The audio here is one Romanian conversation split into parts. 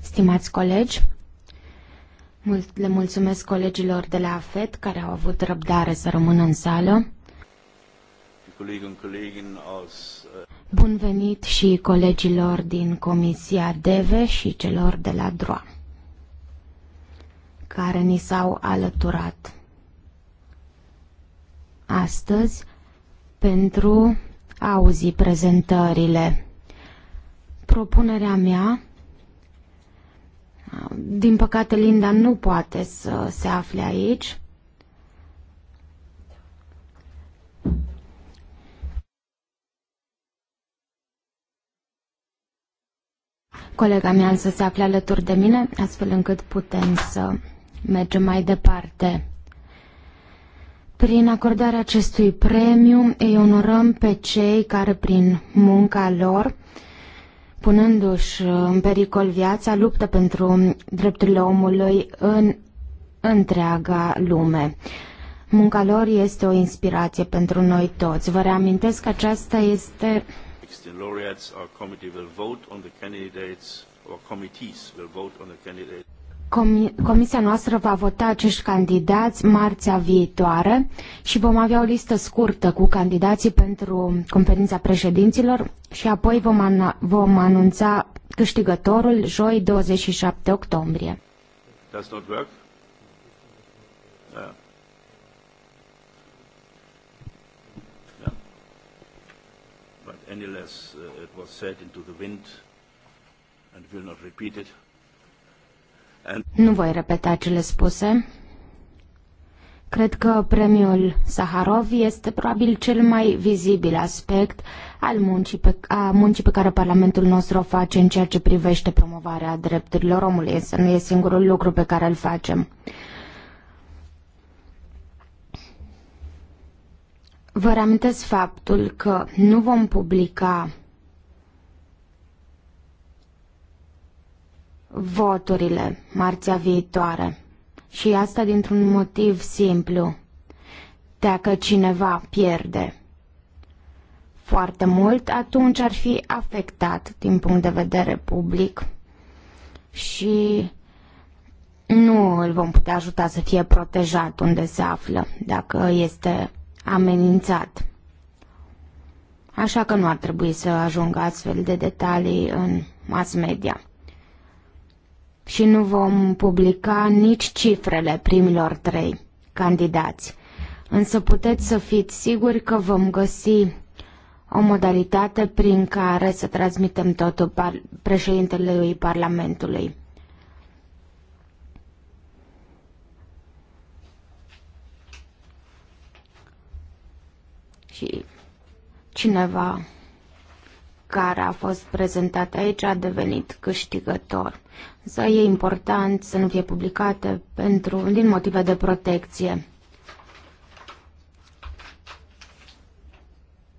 Stimați colegi, le mulțumesc colegilor de la AFET care au avut răbdare să rămână în sală. Äh, Bun venit și colegilor din Comisia DEVE și celor de la DROA care ni s-au alăturat astăzi pentru a auzi prezentările propunerea mea. Din păcate, Linda nu poate să se afle aici. Colega mea să se afle alături de mine, astfel încât putem să mergem mai departe. Prin acordarea acestui premiu îi onorăm pe cei care prin munca lor punându-și uh, în pericol viața, luptă pentru um, drepturile omului în întreaga lume. Munca lor este o inspirație pentru noi toți. Vă reamintesc că aceasta este our committee will vote on the candidates, or committees will vote on the candidates. Comisia noastră va vota acești candidați marțea viitoare și vom avea o listă scurtă cu candidații pentru conferința președinților și apoi vom, vom anunța câștigătorul joi 27 octombrie. Does not work? Yeah. Yeah. But anyless, uh, it was said into the wind and will not repeat it. Nu voi repeta cele spuse. Cred că premiul Saharov este probabil cel mai vizibil aspect al muncii pe, a muncii pe care Parlamentul nostru o face în ceea ce privește promovarea drepturilor omului, însă nu e singurul lucru pe care îl facem. Vă reamintesc faptul că nu vom publica voturile marțea viitoare. Și asta dintr-un motiv simplu. Dacă cineva pierde foarte mult, atunci ar fi afectat din punct de vedere public și nu îl vom putea ajuta să fie protejat unde se află, dacă este amenințat. Așa că nu ar trebui să ajungă astfel de detalii în mass media și nu vom publica nici cifrele primilor trei candidați. Însă puteți să fiți siguri că vom găsi o modalitate prin care să transmitem totul par- președintelui Parlamentului. Și cineva care a fost prezentat aici a devenit câștigător. Însă e important să nu fie publicate pentru, din motive de protecție.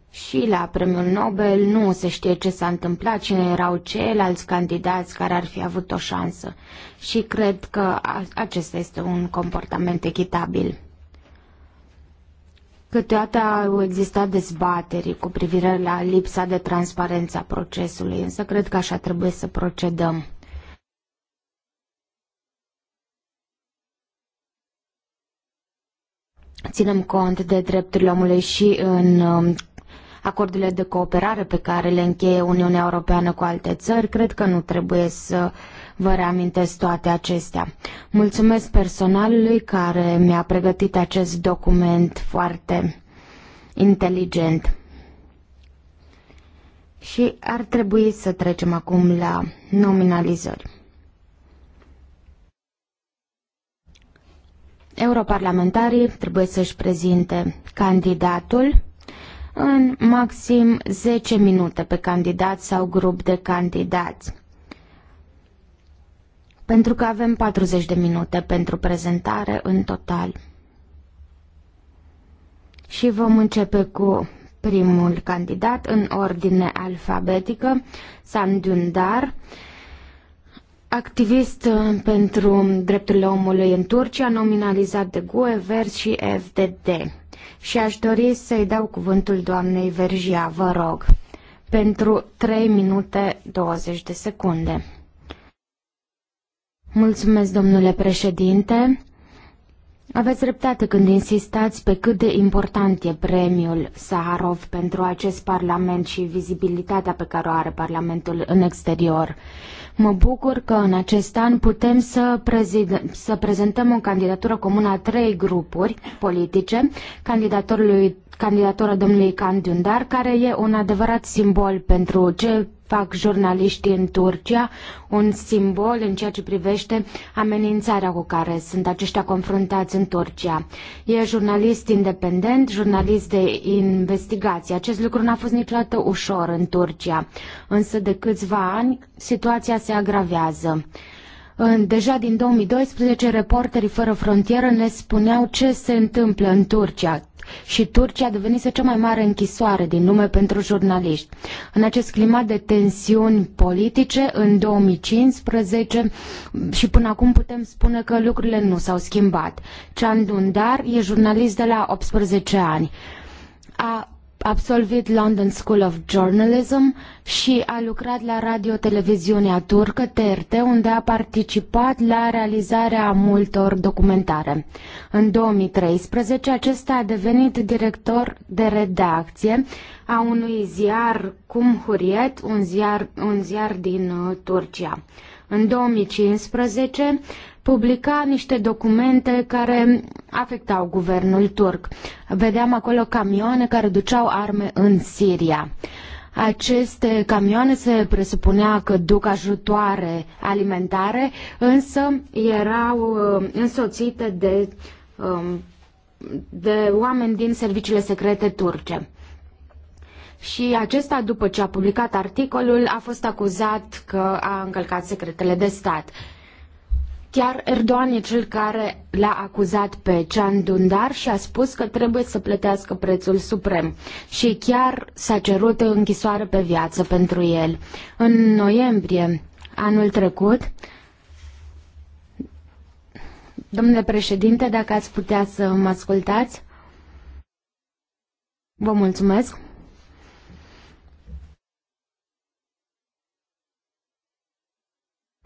Și la premiul Nobel nu se știe ce s-a întâmplat, cine erau ceilalți candidați care ar fi avut o șansă. Și cred că acesta este un comportament echitabil. Câteodată au existat dezbateri cu privire la lipsa de transparență a procesului, însă cred că așa trebuie să procedăm. Ținem cont de drepturile omului și în um, acordurile de cooperare pe care le încheie Uniunea Europeană cu alte țări. Cred că nu trebuie să uh, vă reamintesc toate acestea. Mulțumesc personalului care mi-a pregătit acest document foarte inteligent. Și ar trebui să trecem acum la nominalizări. Europarlamentarii trebuie să-și prezinte candidatul în maxim 10 minute pe candidat sau grup de candidați pentru că avem 40 de minute pentru prezentare în total. Și vom începe cu primul candidat în ordine alfabetică, Sam Dündar, activist pentru drepturile omului în Turcia, nominalizat de GUE, VERS și FDD. Și aș dori să-i dau cuvântul doamnei Vergia, vă rog, pentru 3 minute 20 de secunde. Mulțumesc, domnule președinte. Aveți dreptate când insistați pe cât de important e premiul Saharov pentru acest parlament și vizibilitatea pe care o are parlamentul în exterior. Mă bucur că în acest an putem să, să prezentăm o candidatură comună a trei grupuri politice, candidatorului candidatura domnului Can Dundar, care e un adevărat simbol pentru ce fac jurnaliștii în Turcia, un simbol în ceea ce privește amenințarea cu care sunt aceștia confruntați în Turcia. E jurnalist independent, jurnalist de investigație. Acest lucru n-a fost niciodată ușor în Turcia, însă de câțiva ani situația se agravează. Deja din 2012, Reporterii Fără Frontieră ne spuneau ce se întâmplă în Turcia și Turcia devenise cea mai mare închisoare din lume pentru jurnaliști. În acest climat de tensiuni politice, în 2015 și până acum putem spune că lucrurile nu s-au schimbat. Cean Dundar e jurnalist de la 18 ani. A absolvit London School of Journalism și a lucrat la radio-televiziunea turcă TRT, unde a participat la realizarea multor documentare. În 2013, acesta a devenit director de redacție a unui ziar Huriet, un ziar, un ziar din uh, Turcia. În 2015 publica niște documente care afectau guvernul turc. Vedeam acolo camioane care duceau arme în Siria. Aceste camioane se presupunea că duc ajutoare alimentare, însă erau uh, însoțite de, um, de oameni din serviciile secrete turce. Și acesta, după ce a publicat articolul, a fost acuzat că a încălcat secretele de stat. Chiar Erdogan e cel care l-a acuzat pe Can Dundar și a spus că trebuie să plătească prețul suprem. Și chiar s-a cerut închisoare pe viață pentru el. În noiembrie anul trecut, domnule președinte, dacă ați putea să mă ascultați, vă mulțumesc.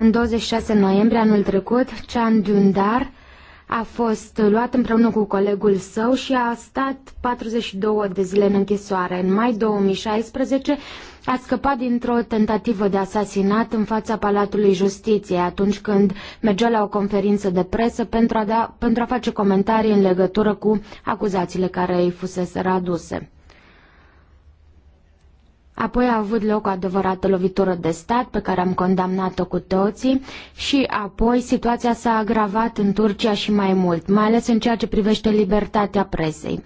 În 26 noiembrie anul trecut, Chan Dundar a fost luat împreună cu colegul său și a stat 42 de zile în închisoare. În mai 2016 a scăpat dintr-o tentativă de asasinat în fața Palatului Justiției atunci când mergea la o conferință de presă pentru a, da, pentru a face comentarii în legătură cu acuzațiile care îi fusese aduse. Apoi a avut loc o adevărată lovitură de stat pe care am condamnat-o cu toții și apoi situația s-a agravat în Turcia și mai mult, mai ales în ceea ce privește libertatea presei.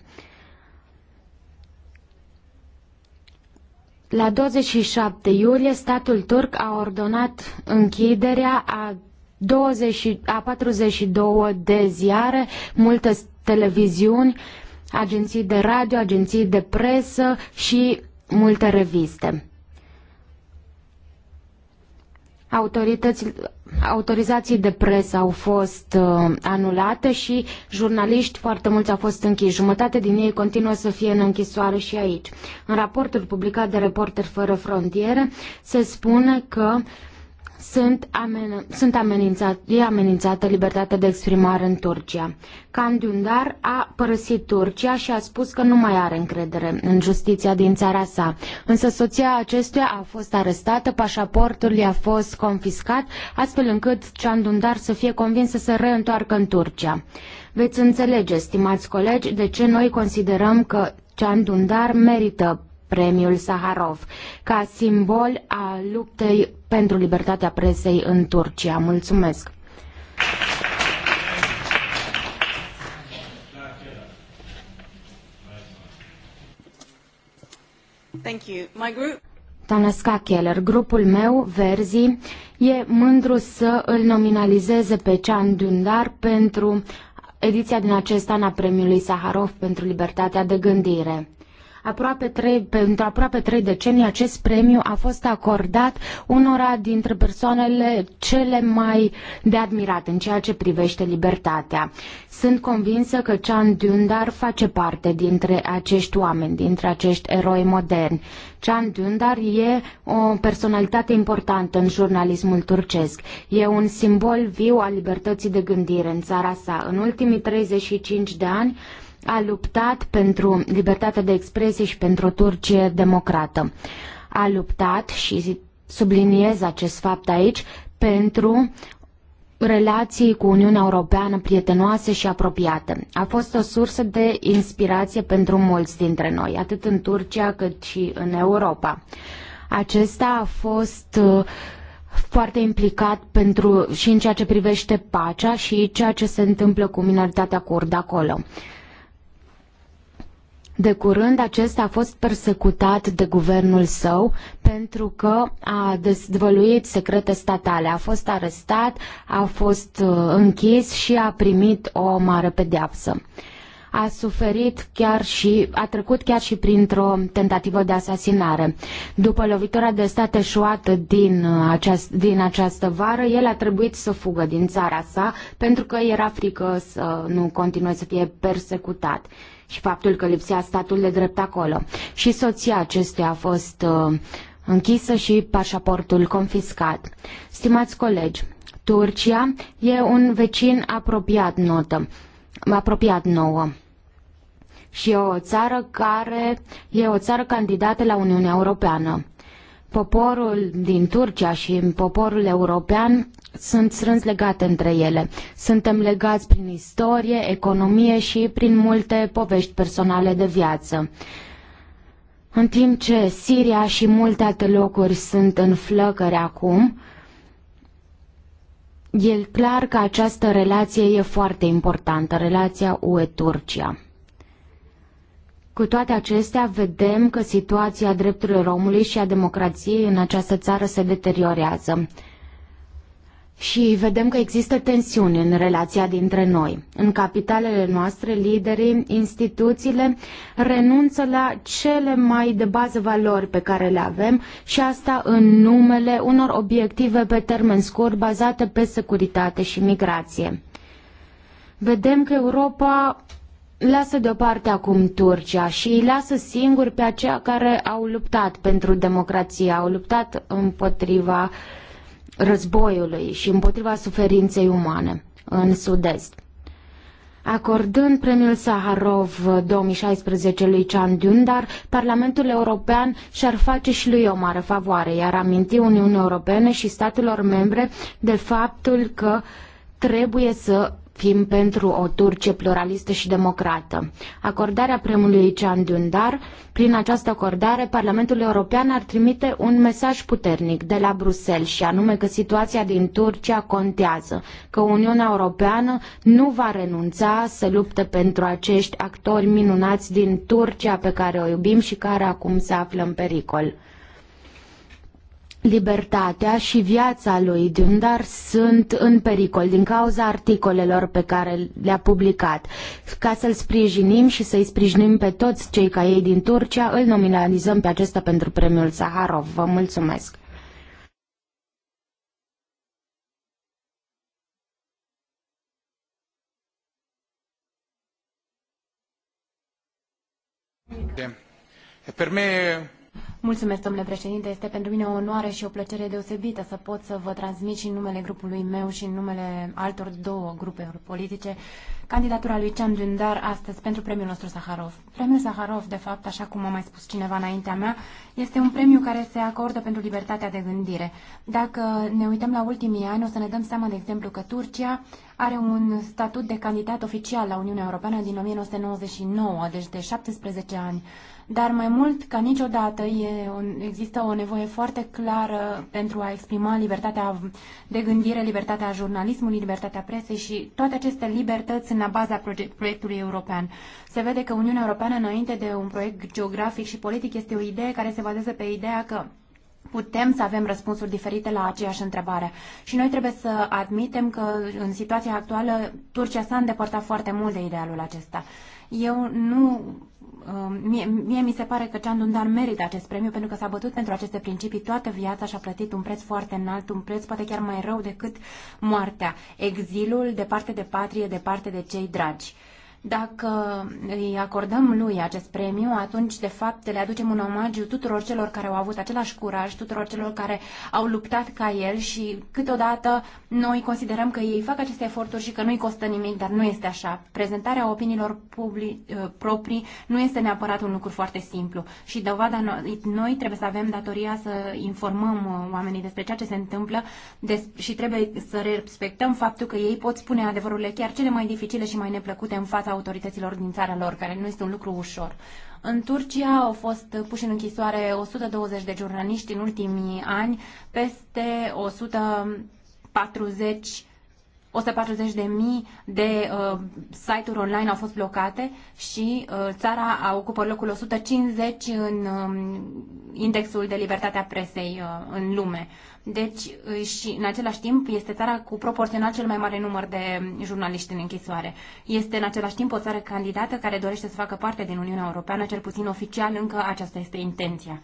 La 27 iulie, statul turc a ordonat închiderea a, 20, a 42 de ziare, multe televiziuni, agenții de radio, agenții de presă și multe reviste. Autorități, autorizații de presă au fost uh, anulate și jurnaliști foarte mulți au fost închiși. Jumătate din ei continuă să fie în închisoare și aici. În raportul publicat de Reporter Fără Frontiere se spune că uh, sunt, amen, sunt amenințat, e amenințată libertatea de exprimare în Turcia. Can Dündar a părăsit Turcia și a spus că nu mai are încredere în justiția din țara sa. Însă soția acestuia a fost arestată, pașaportul i-a fost confiscat, astfel încât Can Dündar să fie convins să se reîntoarcă în Turcia. Veți înțelege, stimați colegi, de ce noi considerăm că Can Dündar merită premiul Saharov, ca simbol a luptei pentru libertatea presei în Turcia. Mulțumesc! Thank you. My group... Keller, grupul meu, Verzi, e mândru să îl nominalizeze pe Cean Dundar pentru ediția din acest an a premiului Saharov pentru libertatea de gândire aproape trei, pentru aproape trei decenii acest premiu a fost acordat unora dintre persoanele cele mai de admirat în ceea ce privește libertatea. Sunt convinsă că Chan Dündar face parte dintre acești oameni, dintre acești eroi moderni. Can Dündar e o personalitate importantă în jurnalismul turcesc. E un simbol viu al libertății de gândire în țara sa. În ultimii 35 de ani, a luptat pentru libertatea de expresie și pentru o Turcie democrată. A luptat și subliniez acest fapt aici pentru relații cu Uniunea Europeană prietenoase și apropiate. A fost o sursă de inspirație pentru mulți dintre noi, atât în Turcia cât și în Europa. Acesta a fost uh, foarte implicat pentru, și în ceea ce privește pacea și ceea ce se întâmplă cu minoritatea kurdă acolo. De curând acesta a fost persecutat de guvernul său pentru că a dezvăluit secrete statale. A fost arestat, a fost uh, închis și a primit o mare pedeapsă a suferit chiar și a trecut chiar și printr-o tentativă de asasinare. După lovitura de stat eșuată din, aceast, din această vară, el a trebuit să fugă din țara sa pentru că era frică să nu continue să fie persecutat și faptul că lipsea statul de drept acolo. Și soția acestuia a fost uh, închisă și pașaportul confiscat. Stimați colegi, Turcia e un vecin apropiat notă, apropiat nouă și e o țară care e o țară candidată la Uniunea Europeană. Poporul din Turcia și poporul european sunt strâns legate între ele. Suntem legați prin istorie, economie și prin multe povești personale de viață. În timp ce Siria și multe alte locuri sunt în flăcări acum, e clar că această relație e foarte importantă, relația UE-Turcia. Cu toate acestea, vedem că situația drepturilor omului și a democrației în această țară se deteriorează. Și vedem că există tensiuni în relația dintre noi. În capitalele noastre, liderii, instituțiile renunță la cele mai de bază valori pe care le avem și asta în numele unor obiective pe termen scurt bazate pe securitate și migrație. Vedem că Europa lasă deoparte acum Turcia și îi lasă singuri pe aceia care au luptat pentru democrație, au luptat împotriva războiului și împotriva suferinței umane în sud-est. Acordând premiul Saharov 2016 lui Chan Dündar, Parlamentul European și-ar face și lui o mare favoare, iar aminti Uniunii Europene și statelor membre de faptul că trebuie să fim pentru o Turcie pluralistă și democrată. Acordarea premiului Can Dündar, prin această acordare, Parlamentul European ar trimite un mesaj puternic de la Bruxelles și anume că situația din Turcia contează, că Uniunea Europeană nu va renunța să lupte pentru acești actori minunați din Turcia pe care o iubim și care acum se află în pericol libertatea și viața lui Dündar sunt în pericol din cauza articolelor pe care le-a publicat. Ca să-l sprijinim și să-i sprijinim pe toți cei ca ei din Turcia, îl nominalizăm pe acesta pentru premiul Zaharov. Vă mulțumesc! Per me Mulțumesc, domnule președinte. Este pentru mine o onoare și o plăcere deosebită să pot să vă transmit și în numele grupului meu și în numele altor două grupe politice candidatura lui Ceam Dundar astăzi pentru premiul nostru Saharov. Premiul Saharov, de fapt, așa cum a mai spus cineva înaintea mea, este un premiu care se acordă pentru libertatea de gândire. Dacă ne uităm la ultimii ani, o să ne dăm seama, de exemplu, că Turcia are un statut de candidat oficial la Uniunea Europeană din 1999, deci de 17 ani. Dar mai mult ca niciodată e, există o nevoie foarte clară pentru a exprima libertatea de gândire, libertatea jurnalismului, libertatea presei și toate aceste libertăți sunt la baza proiectului european. Se vede că Uniunea Europeană, înainte de un proiect geografic și politic, este o idee care se bazează pe ideea că putem să avem răspunsuri diferite la aceeași întrebare. Și noi trebuie să admitem că în situația actuală Turcia s-a îndepărtat foarte mult de idealul acesta. Eu nu um, Mie, mie mi se pare că Cean Dundan merită acest premiu pentru că s-a bătut pentru aceste principii toată viața și a plătit un preț foarte înalt, un preț poate chiar mai rău decât moartea, exilul departe de patrie, departe de cei dragi. Uh, dacă îi acordăm lui acest premiu, atunci, de fapt, le aducem un omagiu tuturor celor care au avut același curaj, tuturor celor care au luptat ca el și câteodată noi considerăm că ei fac aceste eforturi și că nu-i costă nimic, dar nu este așa. Prezentarea opiniilor publi- uh, proprii nu este neapărat un lucru foarte simplu și dovada noi, noi trebuie să avem datoria să informăm uh, oamenii despre ceea ce se întâmplă și trebuie să respectăm faptul că ei pot spune adevărurile chiar cele mai dificile și mai neplăcute în fața autorităților din țara lor, care nu este un lucru ușor. În Turcia au fost puși în închisoare 120 de jurnaliști în ultimii ani, peste 140 140.000 de mii de uh, site-uri online au fost blocate și uh, țara a ocupat locul 150 în uh, indexul de libertatea presei uh, în lume. Deci, uh, și în același timp, este țara cu proporțional cel mai mare număr de um, jurnaliști în închisoare. Este în același timp o țară candidată care dorește să facă parte din Uniunea Europeană, cel puțin oficial, încă aceasta este intenția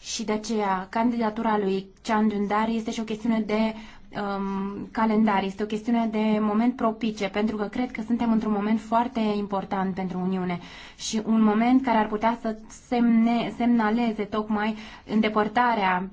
și de aceea candidatura lui Dundari este și o chestiune de um, calendar. Este o chestiune de moment propice, pentru că cred că suntem într-un moment foarte important pentru Uniune și un moment care ar putea să semne, semnaleze tocmai îndepărtarea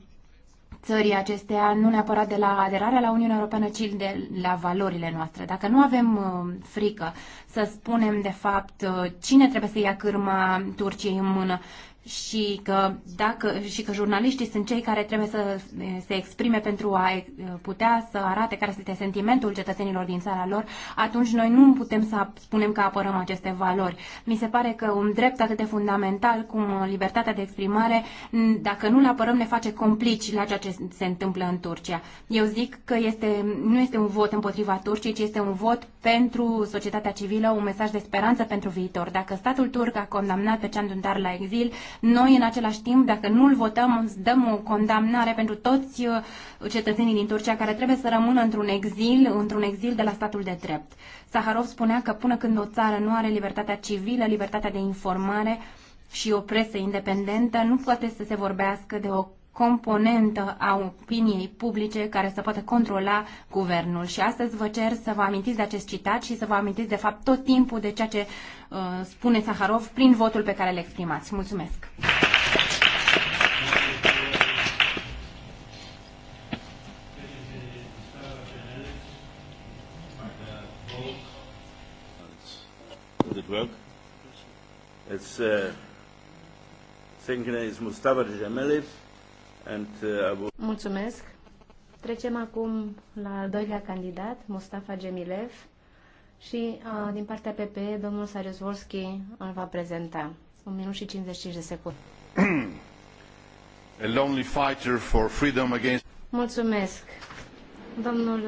țării acesteia, nu neapărat de la aderarea la Uniunea Europeană, ci de la valorile noastre. Dacă nu avem uh, frică să spunem, de fapt, uh, cine trebuie să ia cârma Turciei în mână și că, dacă, și că jurnaliștii sunt cei care trebuie să se exprime pentru a eh, putea să arate care este sentimentul cetățenilor din țara lor, atunci noi nu putem să spunem că apărăm aceste valori. Mi se pare că un drept atât de fundamental cum libertatea de exprimare, dacă nu-l apărăm, ne face complici la ceea ce se întâmplă în Turcia. Eu zic că este, nu este un vot împotriva Turciei, ci este un vot pentru societatea civilă, un mesaj de speranță pentru viitor. Dacă statul turc a condamnat pe Ceandundar la exil, noi, în același timp, dacă nu îl votăm, dăm o condamnare pentru toți uh, cetățenii din Turcia care trebuie să rămână într-un exil, într-un exil de la statul de drept. Saharov spunea că până când o țară nu are libertatea civilă, libertatea de informare și o presă independentă, nu poate să se vorbească de o componentă a opiniei publice care să poată controla guvernul. Și astăzi vă cer să vă amintiți de acest citat și să vă amintiți, de fapt, tot timpul de ceea ce uh, spune Saharov prin votul pe care îl exprimați. Mulțumesc! work. It's uh, thinking is Mustafa Jamilov. Uh, Mulțumesc. Trecem acum la al doilea candidat, Mustafa Gemilev, și uh, din partea PPE, domnul Sarius wolski îl va prezenta. Un minut și 55 de secunde. A lonely fighter for freedom against... Mulțumesc. Domnul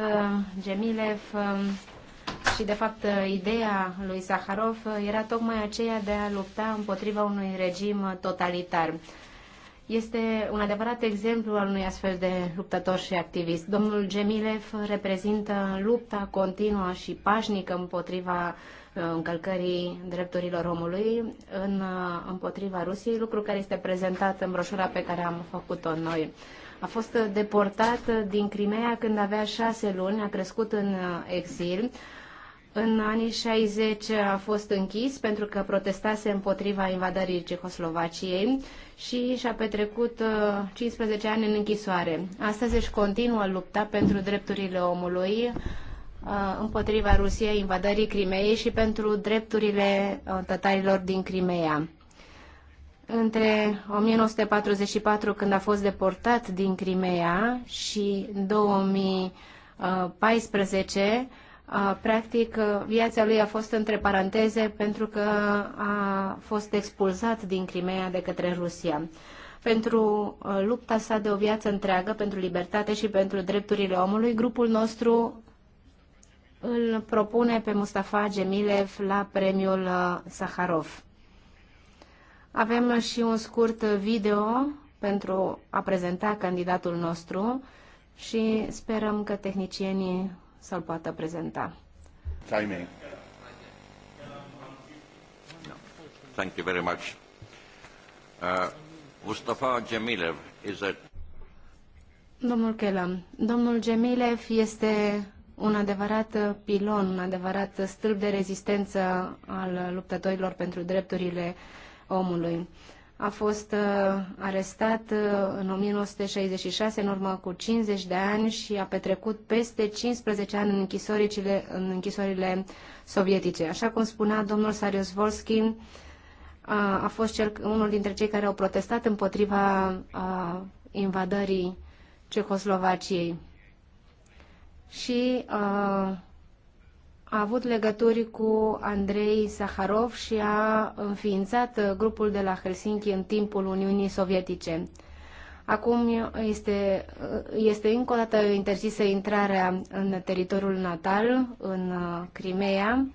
Gemilev uh, um, și, de fapt, ideea lui Saharov era tocmai aceea de a lupta împotriva unui regim totalitar este un adevărat exemplu al unui astfel de luptător și activist. Domnul Gemilev reprezintă lupta continuă și pașnică împotriva uh, încălcării drepturilor omului în, uh, împotriva Rusiei, lucru care este prezentat în broșura pe care am făcut-o noi. A fost deportat din Crimea când avea șase luni, a crescut în uh, exil, în anii 60 a fost închis pentru că protestase împotriva invadării Cehoslovaciei și și-a petrecut 15 uh, ani în închisoare. Astăzi își continuă lupta pentru drepturile omului uh, împotriva Rusiei, invadării Crimeei și pentru drepturile uh, tătarilor din Crimea. Între 1944, când a fost deportat din Crimea, și 2014, practic, viața lui a fost între paranteze pentru că a fost expulzat din Crimea de către Rusia. Pentru lupta sa de o viață întreagă, pentru libertate și pentru drepturile omului, grupul nostru îl propune pe Mustafa Gemilev la premiul Saharov. Avem și un scurt video pentru a prezenta candidatul nostru și sperăm că tehnicienii să-l poată prezenta. Timing. Thank you very much. Uh, Mustafa Gemilev is a... Domnul Kelam, domnul Gemilev este un adevărat pilon, un adevărat stâlp de rezistență al luptătorilor pentru drepturile omului a fost uh, arestat uh, în 1966, în urmă cu 50 de ani și a petrecut peste 15 ani în închisorile, în închisorile sovietice. Așa cum spunea domnul Sarius Volski, a, a fost cel, unul dintre cei care au protestat împotriva uh, invadării Cehoslovaciei. Și uh, a avut legături cu Andrei Saharov și a înființat grupul de la Helsinki în timpul Uniunii Sovietice. Acum este, este încă o dată interzisă intrarea în teritoriul natal, în Crimea,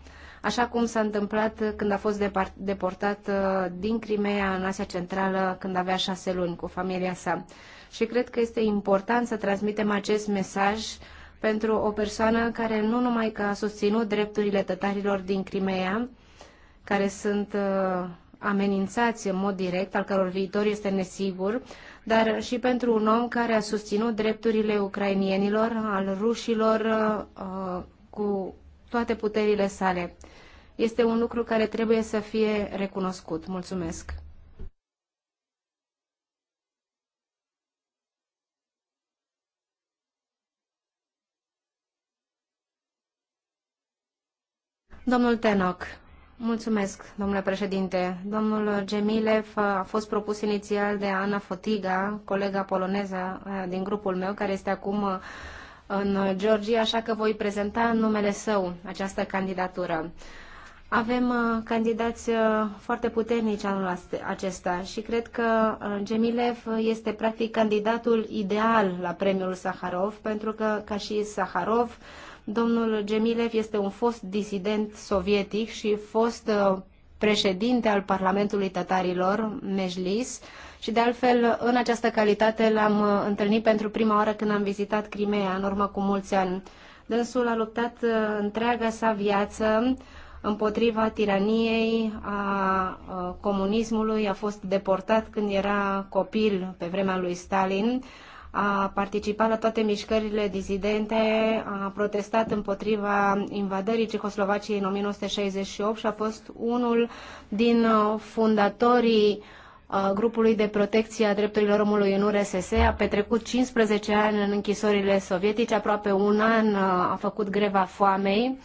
așa cum s-a întâmplat când a fost deportat uh, din Crimea în Asia Centrală când avea șase luni cu familia sa. Și cred că este important să transmitem acest mesaj uh, pentru o persoană care nu numai că a susținut drepturile tătarilor din Crimea, care sunt uh, amenințați în mod direct, al căror viitor este nesigur, dar și pentru un om care a susținut drepturile ucrainienilor, al rușilor, uh, uh, cu toate puterile sale. Este un lucru care trebuie să fie recunoscut. Mulțumesc! Domnul Tenoc, mulțumesc, domnule președinte. Domnul Gemilev a fost propus inițial de Ana Fotiga, colega poloneză din grupul meu, care este acum în Georgia, așa că voi prezenta în numele său această candidatură. Avem candidați foarte puternici anul acesta și cred că Gemilev este practic candidatul ideal la premiul Saharov, pentru că, ca și Saharov, Domnul Gemilev este un fost disident sovietic și fost uh, președinte al Parlamentului Tatarilor, Mejlis, și de altfel în această calitate l-am uh, întâlnit pentru prima oară când am vizitat Crimea, în urmă cu mulți ani. Dânsul a luptat uh, întreaga sa viață împotriva tiraniei, a comunismului, a fost deportat când era copil pe vremea lui Stalin, a participat la toate mișcările dizidente, a protestat împotriva invadării Cehoslovaciei în 1968 și a fost unul din uh, fundatorii uh, grupului de protecție a drepturilor omului în URSS, a petrecut 15 ani în închisorile sovietice, aproape un an uh, a făcut greva foamei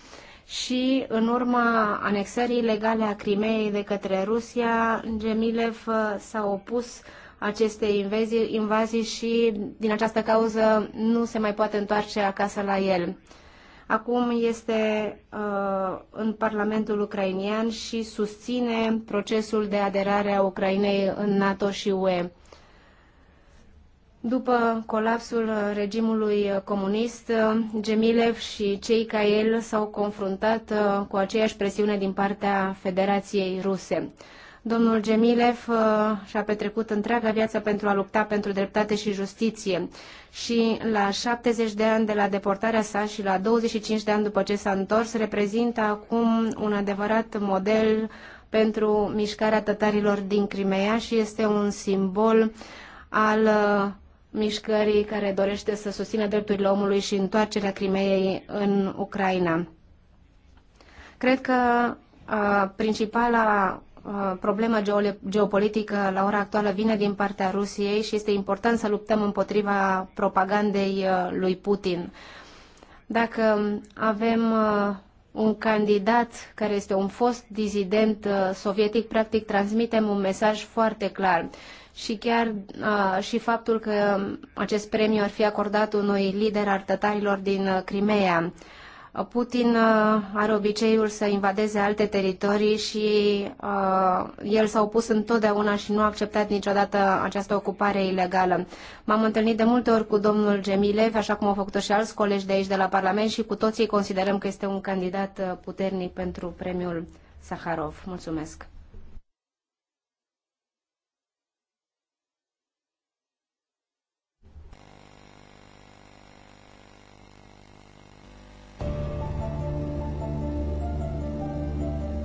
și în urma anexării legale a Crimeei de către Rusia, Gemilev s-a opus aceste invazii, invazii și din această cauză nu se mai poate întoarce acasă la el. Acum este uh, în Parlamentul ucrainian și susține procesul de aderare a Ucrainei în NATO și UE. După colapsul regimului comunist, Gemilev și cei ca el s-au confruntat uh, cu aceeași presiune din partea Federației Ruse. Domnul Gemilev uh, și-a petrecut întreaga viață pentru a lupta pentru dreptate și justiție și la 70 de ani de la deportarea sa și la 25 de ani după ce s-a întors, reprezintă acum un adevărat model pentru mișcarea tătarilor din Crimea și este un simbol al uh, mișcării care dorește să susțină drepturile omului și întoarcerea Crimeei în Ucraina. Cred că a, uh, principala Uh, problemă geopolitică la ora actuală vine din partea Rusiei și este important să luptăm împotriva propagandei uh, lui Putin. Dacă avem uh, un candidat care este un fost dizident sovietic, practic transmitem un mesaj foarte clar. Și chiar și faptul că acest premiu ar fi acordat unui lider al tătarilor din Crimea. Putin uh, are obiceiul să invadeze alte teritorii și uh, el s-a opus întotdeauna și nu a acceptat niciodată această ocupare ilegală. M-am întâlnit de multe ori cu domnul Gemilev, așa cum au făcut-o și alți colegi de aici de la Parlament și cu toții considerăm că este un candidat uh, puternic pentru premiul Saharov. Mulțumesc!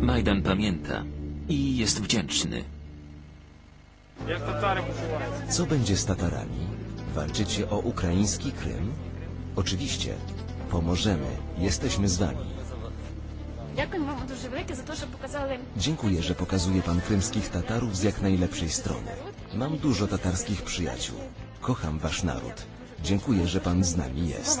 Majdan pamięta i jest wdzięczny. Co będzie z Tatarami? Walczycie o ukraiński Krym? Oczywiście, pomożemy. Jesteśmy z wami. Dziękuję wam дуже велике за те, що показали. Dziękuję, że pokazuje pan krymskich Tatarów z jak najlepszej strony. Mam dużo tatarskich przyjaciół. Kocham wasz naród. Dziękuję, że pan z nami jest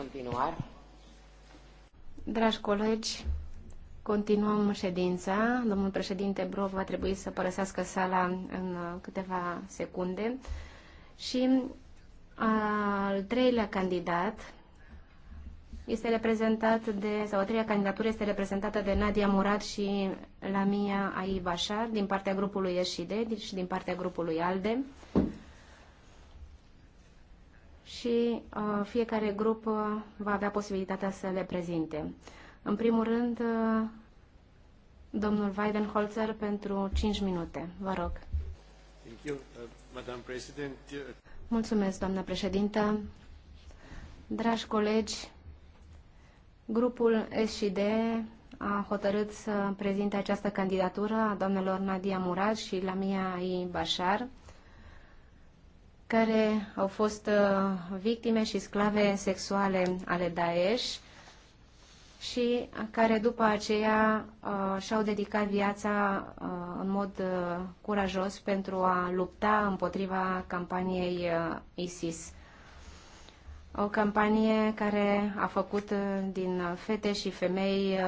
continuar. Dragi colegi, continuăm ședința. Domnul președinte Brov va trebui să părăsească sala în câteva secunde. Și al treilea candidat este reprezentat de, sau a treia candidatură este reprezentată de Nadia Murat și Lamia Ai Bashar din partea grupului Eșide și deci din partea grupului ALDE și uh, fiecare grup uh, va avea posibilitatea să le prezinte. În primul rând, uh, domnul Weidenholzer pentru 5 minute. Vă rog. Thank you, uh, Mulțumesc, doamnă președintă. Dragi colegi, grupul SD a hotărât să prezinte această candidatură a doamnelor Nadia Murad și Lamia I. Bashar care au fost uh, victime și sclave sexuale ale Daesh și care după aceea uh, și-au dedicat viața uh, în mod curajos pentru a lupta împotriva campaniei ISIS. O campanie care a făcut din fete și femei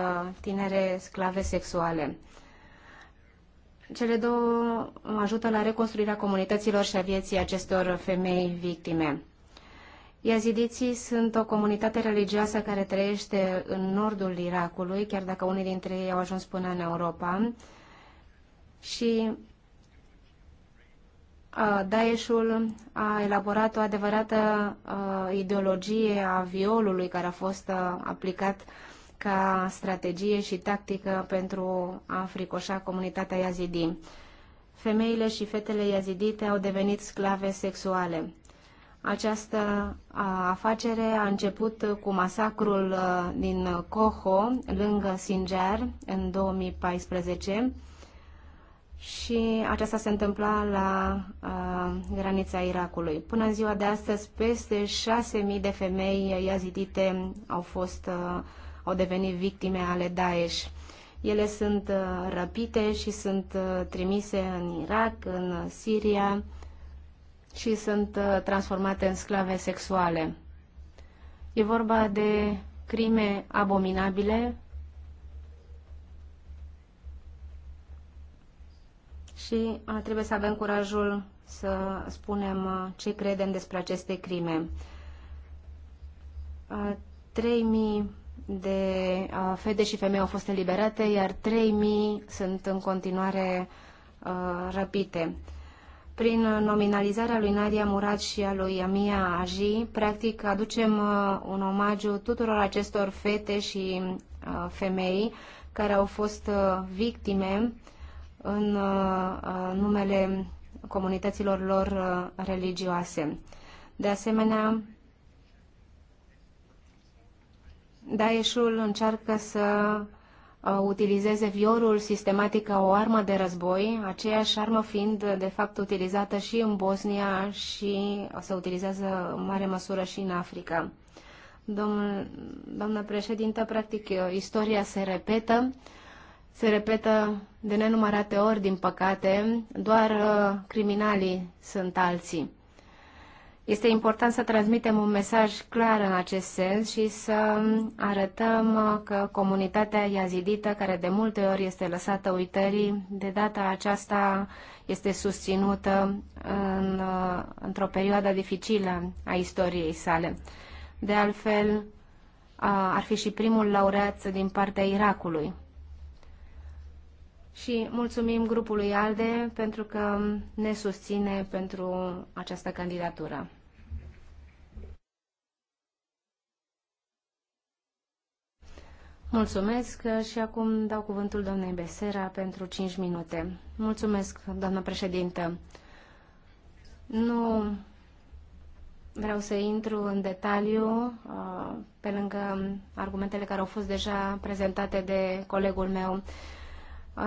tinere sclave sexuale. Cele două ajută la reconstruirea comunităților și a vieții acestor femei victime. Iazidiții sunt o comunitate religioasă care trăiește în nordul Irakului, chiar dacă unii dintre ei au ajuns până în Europa. Și uh, Daeshul a elaborat o adevărată uh, ideologie a violului care a fost uh, aplicat ca strategie și tactică pentru a fricoșa comunitatea yazidi. Femeile și fetele yazidite au devenit sclave sexuale. Această afacere a început cu masacrul din Coho, lângă Sinjar, în 2014 și aceasta se întâmpla la uh, granița Irakului. Până în ziua de astăzi, peste 6.000 de femei yazidite au fost uh, au devenit victime ale Daesh. Ele sunt uh, răpite și sunt uh, trimise în Irak, în Siria și sunt uh, transformate în sclave sexuale. E vorba de crime abominabile și trebuie să avem curajul să spunem ce credem despre aceste crime. 3000 de uh, fete și femei au fost eliberate, iar 3.000 sunt în continuare uh, răpite. Prin uh, nominalizarea lui Nadia Murad și a lui Amia Aji, practic aducem un omagiu tuturor acestor fete și femei care au fost victime în numele comunităților lor religioase. De asemenea, Daeshul încearcă să uh, utilizeze viorul sistematic ca o armă de război, aceeași armă fiind de fapt utilizată și în Bosnia și se utilizează în mare măsură și în Africa. Domnul, doamnă președintă, practic uh, istoria se repetă, se repetă de nenumărate ori, din păcate, doar uh, criminalii sunt alții. Este important să transmitem un mesaj clar în acest sens și să arătăm că comunitatea iazidită, care de multe ori este lăsată uitării, de data aceasta este susținută în, într-o perioadă dificilă a istoriei sale. De altfel, ar fi și primul laureat din partea Irakului și mulțumim grupului ALDE pentru că ne susține pentru această candidatură. Mulțumesc și acum dau cuvântul doamnei Besera pentru 5 minute. Mulțumesc, doamnă președintă. Nu vreau să intru în detaliu uh, pe lângă argumentele care au fost deja prezentate de colegul meu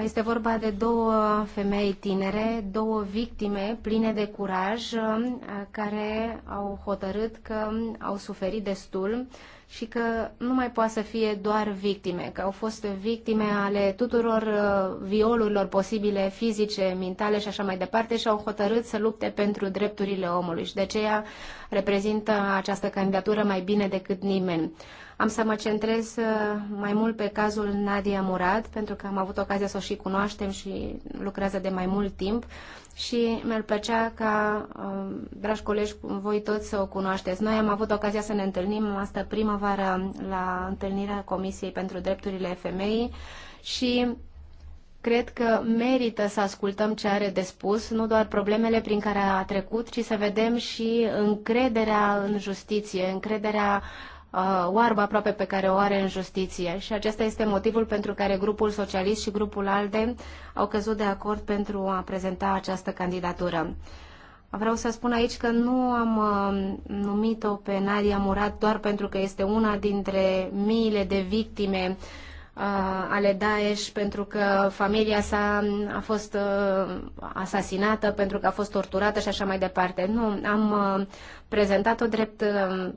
este vorba de două femei tinere, două victime pline de curaj, uh, care au hotărât că au suferit destul și că nu mai poate să fie doar victime, că au fost victime ale tuturor uh, violurilor posibile, fizice, mentale și așa mai departe și au hotărât să lupte pentru drepturile omului și de aceea reprezintă această candidatură mai bine decât nimeni. Am să mă centrez uh, mai mult pe cazul Nadia Murad, pentru că am avut ocazia să o și cunoaștem și lucrează de mai mult timp și mi-ar plăcea ca, um, dragi colegi, voi toți să o cunoașteți. Noi am avut ocazia să ne întâlnim asta primăvară la întâlnirea Comisiei pentru Drepturile Femeii și cred că merită să ascultăm ce are de spus, nu doar problemele prin care a trecut, ci să vedem și încrederea în justiție, încrederea uh, oarbă aproape pe care o are în justiție și acesta este motivul pentru care grupul socialist și grupul ALDE au căzut de acord pentru a prezenta această candidatură. Vreau să spun aici că nu am uh, numit-o pe Nadia Murat doar pentru că este una dintre miile de victime uh, ale Daesh, pentru că familia sa a fost uh, asasinată, pentru că a fost torturată și așa mai departe. Nu, am uh, prezentat-o drept uh,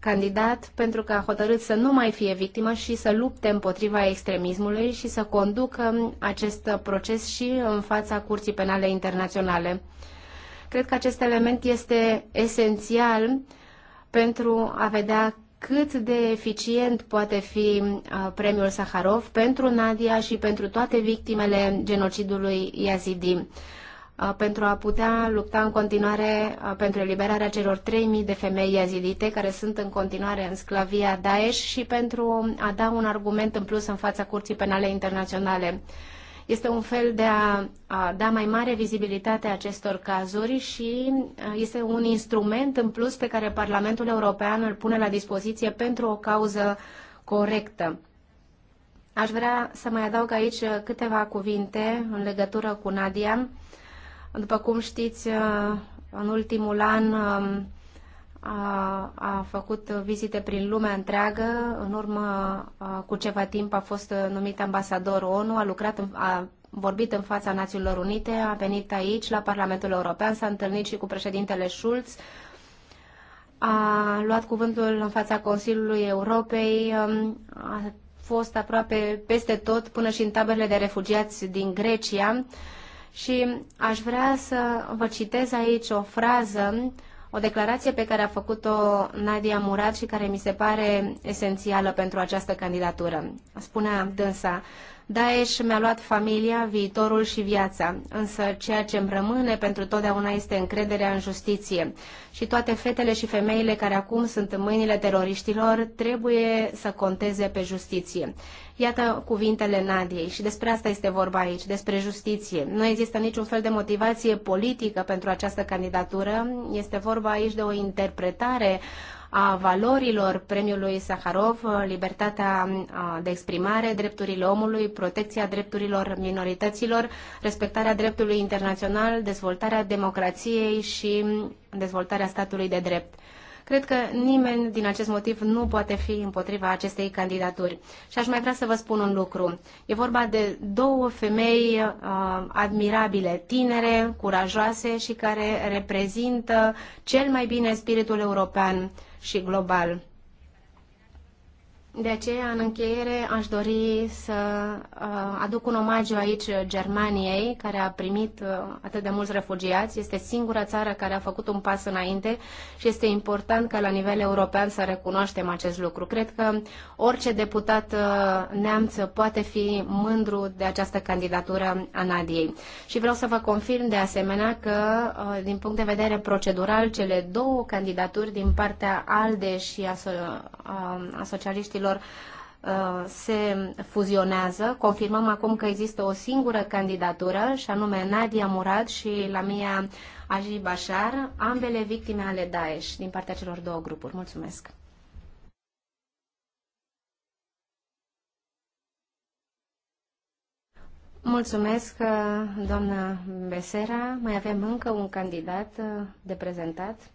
candidat pentru că a hotărât să nu mai fie victimă și să lupte împotriva extremismului și să conducă acest proces și în fața Curții Penale Internaționale. Cred că acest element este esențial pentru a vedea cât de eficient poate fi uh, premiul Saharov pentru Nadia și pentru toate victimele genocidului Yazidi pentru a putea lupta în continuare pentru eliberarea celor 3.000 de femei yazidite care sunt în continuare în sclavia Daesh și pentru a da un argument în plus în fața Curții Penale Internaționale. Este un fel de a, a da mai mare vizibilitate acestor cazuri și este un instrument în plus pe care Parlamentul European îl pune la dispoziție pentru o cauză corectă. Aș vrea să mai adaug aici câteva cuvinte în legătură cu Nadia. Uh, după cum știți, uh, în ultimul an um, a, a făcut vizite prin lumea întreagă. În urmă, uh, cu ceva timp, a fost uh, numit ambasador ONU, a lucrat în, a vorbit în fața Națiunilor Unite, a venit aici, la Parlamentul European, s-a întâlnit și cu președintele Schulz, a luat cuvântul în fața Consiliului Europei, um, a fost aproape peste tot, până și în taberele de refugiați din Grecia și aș vrea să vă citez aici o frază, o declarație pe care a făcut-o Nadia Murat și care mi se pare esențială pentru această candidatură. Spunea dânsa, Daesh mi-a luat familia, viitorul și viața, însă ceea ce îmi rămâne pentru totdeauna este încrederea în justiție. Și toate fetele și femeile care acum sunt în mâinile teroriștilor trebuie să conteze pe justiție. Iată cuvintele Nadiei și despre asta este vorba aici, despre justiție. Nu există niciun fel de motivație politică pentru această candidatură, este vorba aici de o interpretare a valorilor premiului Saharov, libertatea de exprimare, drepturile omului, protecția drepturilor minorităților, respectarea dreptului internațional, dezvoltarea democrației și dezvoltarea statului de drept. Cred că nimeni din acest motiv nu poate fi împotriva acestei candidaturi. Și aș mai vrea să vă spun un lucru. E vorba de două femei uh, admirabile, tinere, curajoase și care reprezintă cel mai bine spiritul european și global. De aceea, în încheiere, aș dori să uh, aduc un omagiu aici Germaniei, care a primit uh, atât de mulți refugiați. Este singura țară care a făcut un pas înainte și este important ca la nivel european să recunoaștem acest lucru. Cred că orice deputat uh, neamț poate fi mândru de această candidatură a Nadiei. Și vreau să vă confirm de asemenea că, din punct de vedere procedural, cele două candidaturi din partea ALDE și a a socialiștilor se fuzionează. Confirmăm acum că există o singură candidatură, și anume Nadia Murad și Lamia Aji Bashar, ambele victime ale Daesh, din partea celor două grupuri. Mulțumesc! Mulțumesc, doamna Besera. Mai avem încă un candidat de prezentat.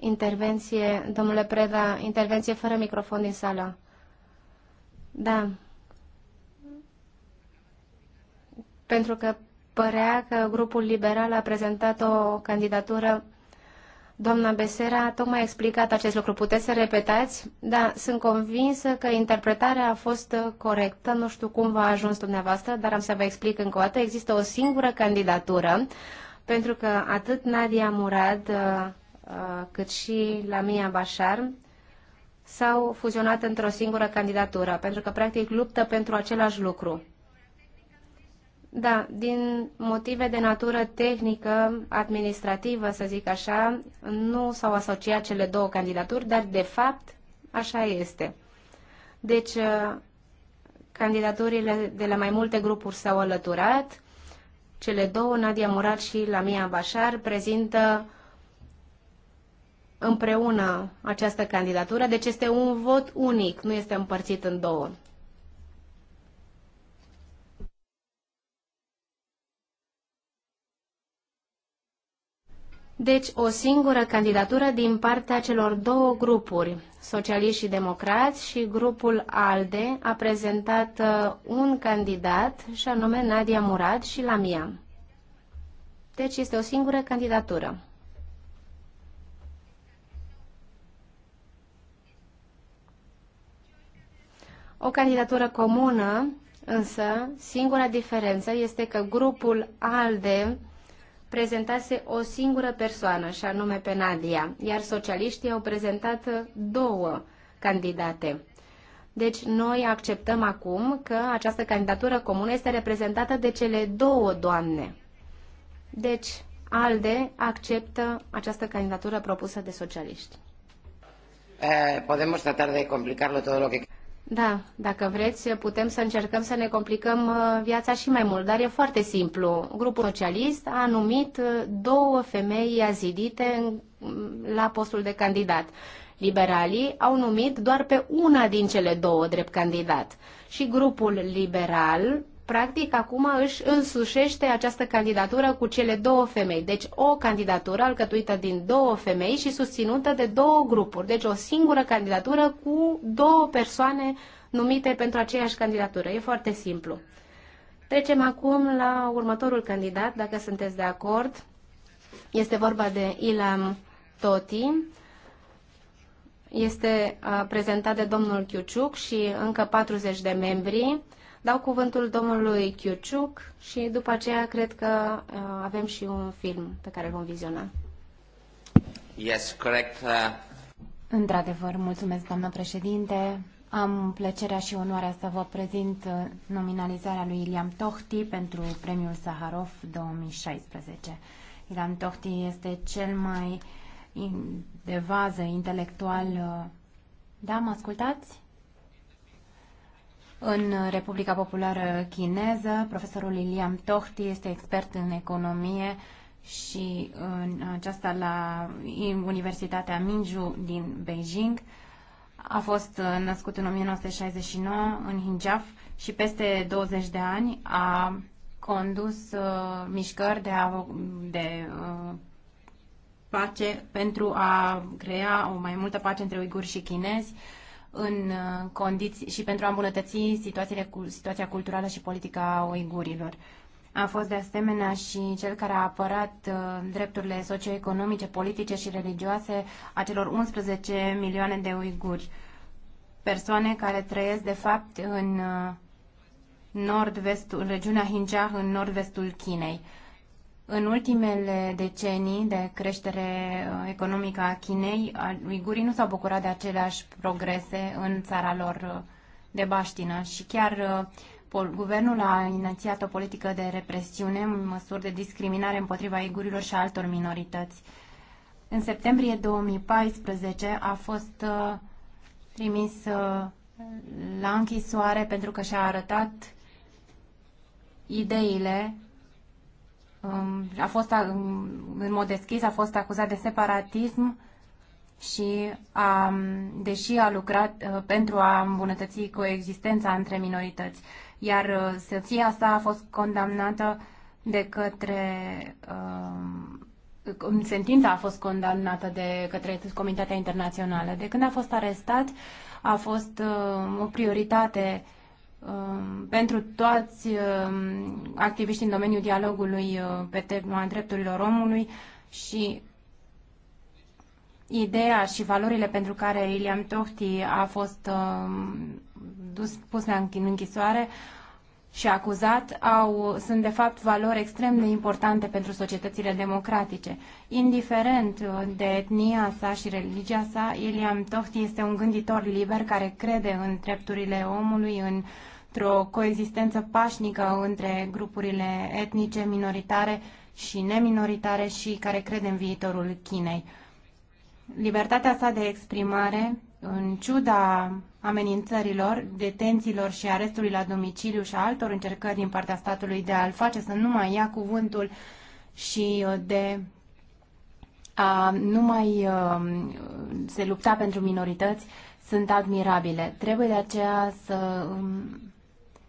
Intervenție, domnule Preda, intervenție fără microfon din sală. Da. Pentru că părea că grupul liberal a prezentat o candidatură. Doamna Besera tocmai a explicat acest lucru. Puteți să repetați? Da, sunt convinsă că interpretarea a fost corectă. Nu știu cum v-a ajuns dumneavoastră, dar am să vă explic încă o dată. Există o singură candidatură, pentru că atât Nadia Murad Uh, cât și la Mia Bashar s-au fuzionat într-o singură candidatură, pentru că practic luptă pentru același lucru. Da, din motive de natură tehnică, administrativă, să zic așa, nu s-au asociat cele două candidaturi, dar de fapt așa este. Deci, uh, candidaturile de la mai multe grupuri s-au alăturat. Cele două, Nadia Murat și Lamia Bashar, prezintă împreună această candidatură, deci este un vot unic, nu este împărțit în două. Deci o singură candidatură din partea celor două grupuri, socialiști și democrați și grupul ALDE a prezentat uh, un candidat și anume Nadia Murad și Lamia. Deci este o singură candidatură. O candidatură comună, însă, singura diferență este că grupul ALDE prezentase o singură persoană, și anume pe Nadia, iar socialiștii au prezentat două candidate. Deci noi acceptăm acum că această candidatură comună este reprezentată de cele două doamne. Deci ALDE acceptă această candidatură propusă de socialiști. Eh, podemos tratar de complicarlo todo lo que da, dacă vreți, putem să încercăm să ne complicăm uh, viața și mai mult, dar e foarte simplu. Grupul socialist a numit uh, două femei azidite mm, la postul de candidat. Liberalii au numit doar pe una din cele două drept candidat. Și grupul liberal practic acum își însușește această candidatură cu cele două femei. Deci o candidatură alcătuită din două femei și susținută de două grupuri. Deci o singură candidatură cu două persoane numite pentru aceeași candidatură. E foarte simplu. Trecem acum la următorul candidat, dacă sunteți de acord. Este vorba de Ilam Toti. Este prezentat de domnul Chiuciuc și încă 40 de membri Dau cuvântul domnului Chiuciuc și după aceea cred că uh, avem și un film pe care îl vom viziona. Yes, correct. Uh... Într-adevăr, mulțumesc, doamnă președinte. Am plăcerea și onoarea să vă prezint uh, nominalizarea lui Iliam Tohti pentru premiul Saharov 2016. Iliam Tohti este cel mai de vază intelectual. Uh, da, mă ascultați? în Republica Populară Chineză. Profesorul Iliam Tohti este expert în economie și în aceasta la Universitatea Minju din Beijing. A fost născut în 1969 în Hinjaf și peste 20 de ani a condus uh, mișcări de, a, de uh, pace pentru a crea o mai multă pace între uiguri și chinezi. Uh, în uh, condiții și pentru a îmbunătăți situațiile cu, situația culturală și politică a uigurilor. A fost de asemenea și cel care a apărat uh, drepturile socioeconomice, politice și religioase a celor 11 milioane de uiguri, persoane care trăiesc de fapt în uh, nord-vestul, regiunea Hinjia, în nord-vestul Chinei. Uh, în ultimele decenii de creștere uh, economică a Chinei, uigurii nu s-au bucurat de aceleași progrese în țara lor uh, de baștină și chiar uh, guvernul a inițiat o politică de represiune, măsuri de discriminare împotriva uigurilor și altor minorități. În septembrie 2014 a fost trimis la închisoare pentru că și-a arătat ideile Um, a fost, în mod deschis, a fost acuzat de separatism și a, um, deși a lucrat uh, pentru a îmbunătăți coexistența între minorități, iar uh, soția sa a fost condamnată de către um, sentința a fost condamnată de către Comunitatea Internațională. De când a fost arestat, a fost uh, o prioritate uh, Um, pentru toți um, activiștii în domeniul dialogului uh, pe tema drepturilor omului și ideea și valorile pentru care Iliam Tohti a fost um, dus, pus în închisoare și acuzat au, sunt de fapt valori extrem de importante pentru societățile democratice. Indiferent uh, de etnia sa și religia sa, Iliam Tofti este un gânditor liber care crede în drepturile omului, în într-o coexistență pașnică între grupurile etnice, minoritare și neminoritare și care crede în viitorul Chinei. Libertatea sa de exprimare în ciuda amenințărilor, detențiilor și arestului la domiciliu și a altor încercări din partea statului de a-l face să nu mai ia cuvântul și uh, de a nu mai uh, se lupta pentru minorități, sunt admirabile. Trebuie de aceea să um,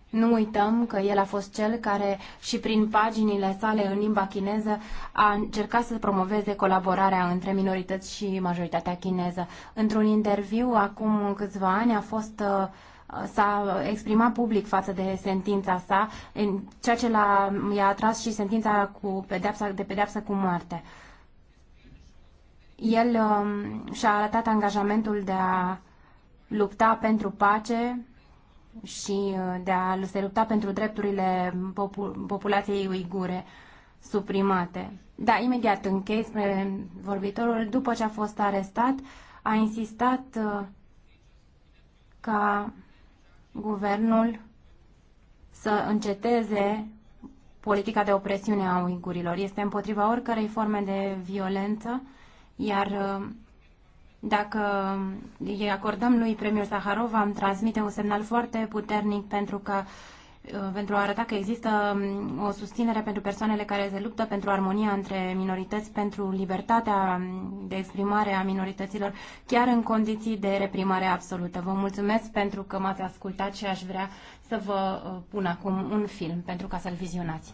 nu uităm că el a fost cel care și prin paginile sale în limba chineză a încercat să promoveze colaborarea între minorități și majoritatea chineză. Într-un interviu acum câțiva ani a fost uh, s-a exprimat public față de sentința sa, ceea ce l-a, i-a atras și sentința cu pedeapsa, de pedeapsă cu moarte. El um, și-a arătat angajamentul de a lupta pentru pace, și uh, de a se lupta pentru drepturile populației uigure suprimate. Da, imediat închei spre vorbitorul, după ce a fost arestat, a insistat uh, ca guvernul să înceteze politica de opresiune a uigurilor. Este împotriva oricărei forme de violență, iar uh, dacă îi acordăm lui premiul Saharov, am transmite un semnal foarte puternic pentru că uh, pentru a arăta că există um, o susținere pentru persoanele care se luptă pentru armonia între minorități, pentru libertatea um, de exprimare a minorităților, chiar în condiții de reprimare absolută. Vă mulțumesc pentru că m-ați ascultat și aș vrea să vă uh, pun acum un film pentru ca să-l vizionați.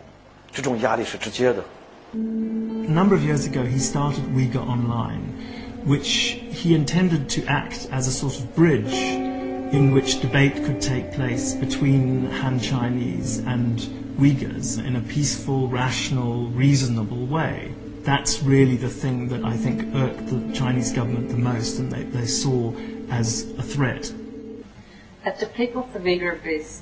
这种压力是直接的。A number of years ago, he started Uyghur Online, which he intended to act as a sort of bridge in which debate could take place between Han Chinese and Uyghurs in a peaceful, rational, reasonable way. That's really the thing that I think irked the Chinese government the most and they, they saw as a threat. At the People for Uyghur Base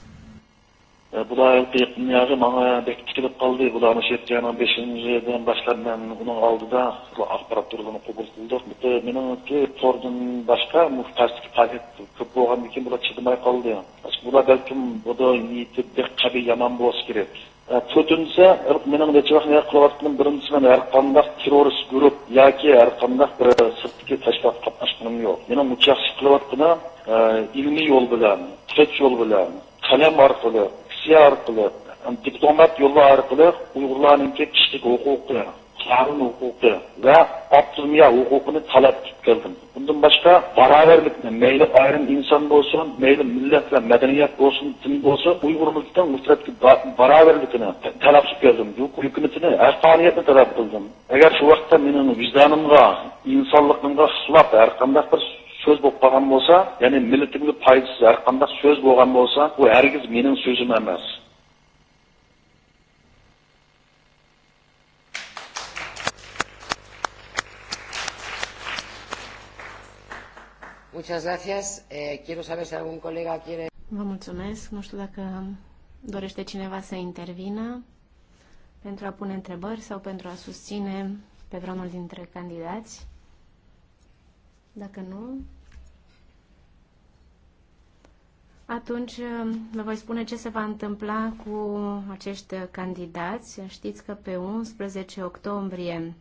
Buların da yakınyağı bana bekçilip kaldı. Buların da şetkiyanın 5. yıldan bașka ben onun aldı da akbarat durulunu kubul kıldık. da benim ki tordun bașka muhtarsızlık paket köp boğan bu da çıdımay kaldı. da belkim bu da yitip de kabi yaman boğaz gerek. Төтінсе, менің нәтиже не қылатыным бірінші мен әрқандай grup, ya ki әрқандай бір сыртқы ташпақ katlaşmanım yok. Benim uçak қылатыным ilmi yol білән, тұт yol білән, kalem arkalı, missiya orqali diplomat yo'li orqali uyg'urlarninki kișilik hukuku, qonun hukuku ve optimiya hukukunu talep qilib keldim bundan boshqa barobarlikni mayli ayrim inson bo'lsin mayli millat medeniyet madaniyat olsun, din bo'lsin uyg'urlikdan mustaqil barobarlikni talab qilib keldim hukumatini haqqoniyatni talep qildim agar shu vaqtda meni vijdonimga insonligimga xilop har qanday bir söz bo'lib bo'lsa ya'ni millatimga foydasiz har qanday söz bo'lgan bo'lsa bu hargiz mening so'zim emas Muchas gracias. Eh, quiero saber si algún colega quiere... Vă mulțumesc. Nu știu dacă dorește cineva să intervină pentru a pune întrebări sau pentru a susține pe vreunul dintre candidați. Dacă nu, atunci uh, vă voi spune ce se va întâmpla cu acești candidați. Știți că pe 11 octombrie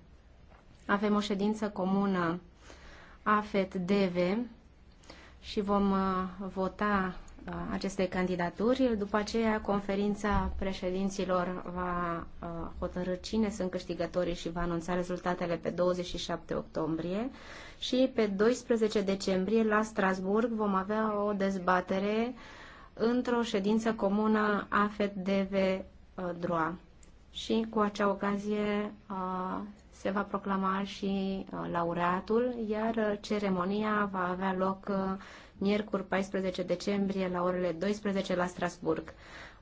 avem o ședință comună AFET-DV și vom uh, vota acestei candidaturi. După aceea, conferința președinților va hotărâ cine sunt câștigătorii și va anunța rezultatele pe 27 octombrie și pe 12 decembrie la Strasburg vom avea o dezbatere într-o ședință comună a dv DROA. Și cu acea ocazie se va proclama și laureatul, iar ceremonia va avea loc miercuri 14 decembrie la orele 12 la Strasburg.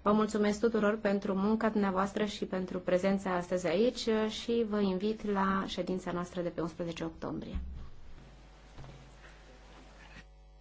Vă mulțumesc tuturor pentru munca dumneavoastră și pentru prezența astăzi aici și vă invit la ședința noastră de pe 11 octombrie.